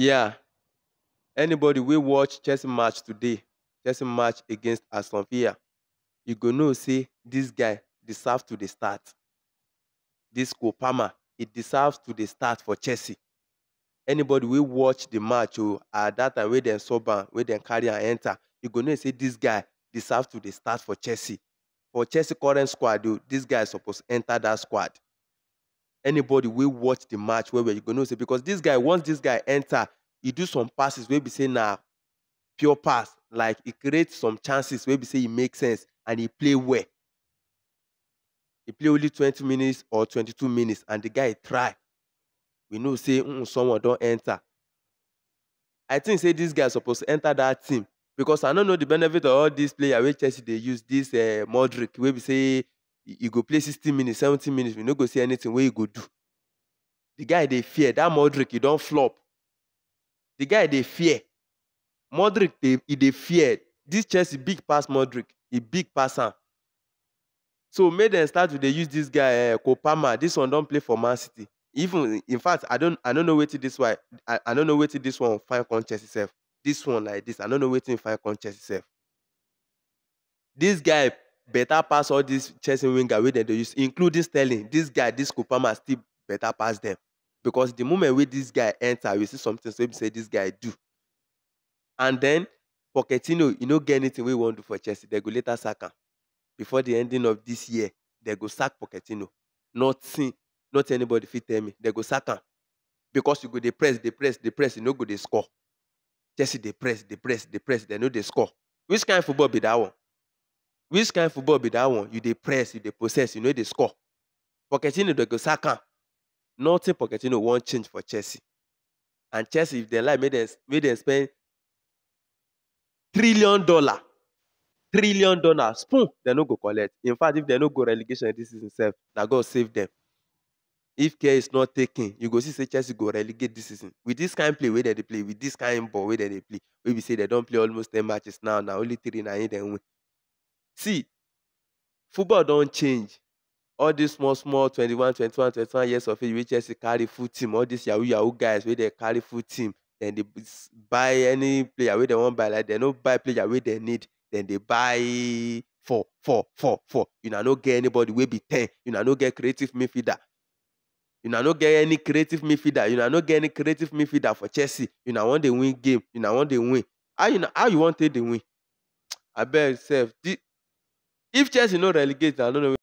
Yeah. Anybody will watch chess match today, chess match against Aslanfia, you go know see this guy deserves to the start. This Kopama, it deserves to the start for Chelsea. Anybody will watch the match or oh, at that time where they sub am, where they carry and enter, you go know say this guy deserves to the start for Chelsea. For Chelsea current squad, oh, this guy is supposed to enter that squad. anybody will watch the match where well going to say because this guy once this guy enter he do some passes wey be say now, pure pass like he create some chances wey be say he makes sense and he play well He play only twenty minutes or twenty-two minutes and the guy try we know say mm, someone don't enter i think say this guy supposed to enter that team because i no know the benefit of all these players wey chelsea dey use this uh, modric wey be say you go play 16 minutes 17 minutes we no go see anything Where you go do the guy they fear that modric he don't flop the guy they fear modric they e dey fear this chelsea big pass modric e big pass am so made dem start to they use this guy uh, eh, kopama this one don't play for man city even in fact i don't, i don't know where to this one i i no know to this one find come chelsea sef this one like this i don't know where to find come chelsea sef this guy better pass all these Chelsea winger wey dem dey use including Sterling this guy this Kupama still better pass dem because the moment wey this guy enter we see something wey so be say this guy do and then Pochettino e no get anything wey he wan do for Chelsea dem go later sack am before the ending of this year dem go sack Pochettino nothing not anybody fit tell me dem go sack am because you go dey press dey press dey press you e no go dey score Chelsea dey press dey press dey press dem no dey score which kind of football be that one Which kind of football be that one? You dey press, you dey possess, you know they score. Pochettino dey go sack am. Nothing Pochettino wan change for Chelsea. And Chelsea, if they like, make them make them spend trillion dollar, trillion dollar spoon. They no go collect. In fact, if they no go relegation this season self, na God save them. If care is not taken, you go see say Chelsea go relegate this season. With this kind of play wey dem dey play, with this kind of ball wey dem dey play, wey be say dem don play almost ten matches now, na only three na im dem win see football don't change all these small small twenty one twenty one twenty one years of age wey chelsea carry full team all dis yahoo yahoo guys wey dey carry full team Then they buy any player wey they want buy like dem no buy player wey they need Then they buy four four four four una no get anybody wey be ten una no get creative midfielder una no get any creative midfielder una no get any creative midfielder for chelsea You una want dey win game You una want dey win how una how you wan take dey win abeg sef If Chelsea no relegate, I don't know.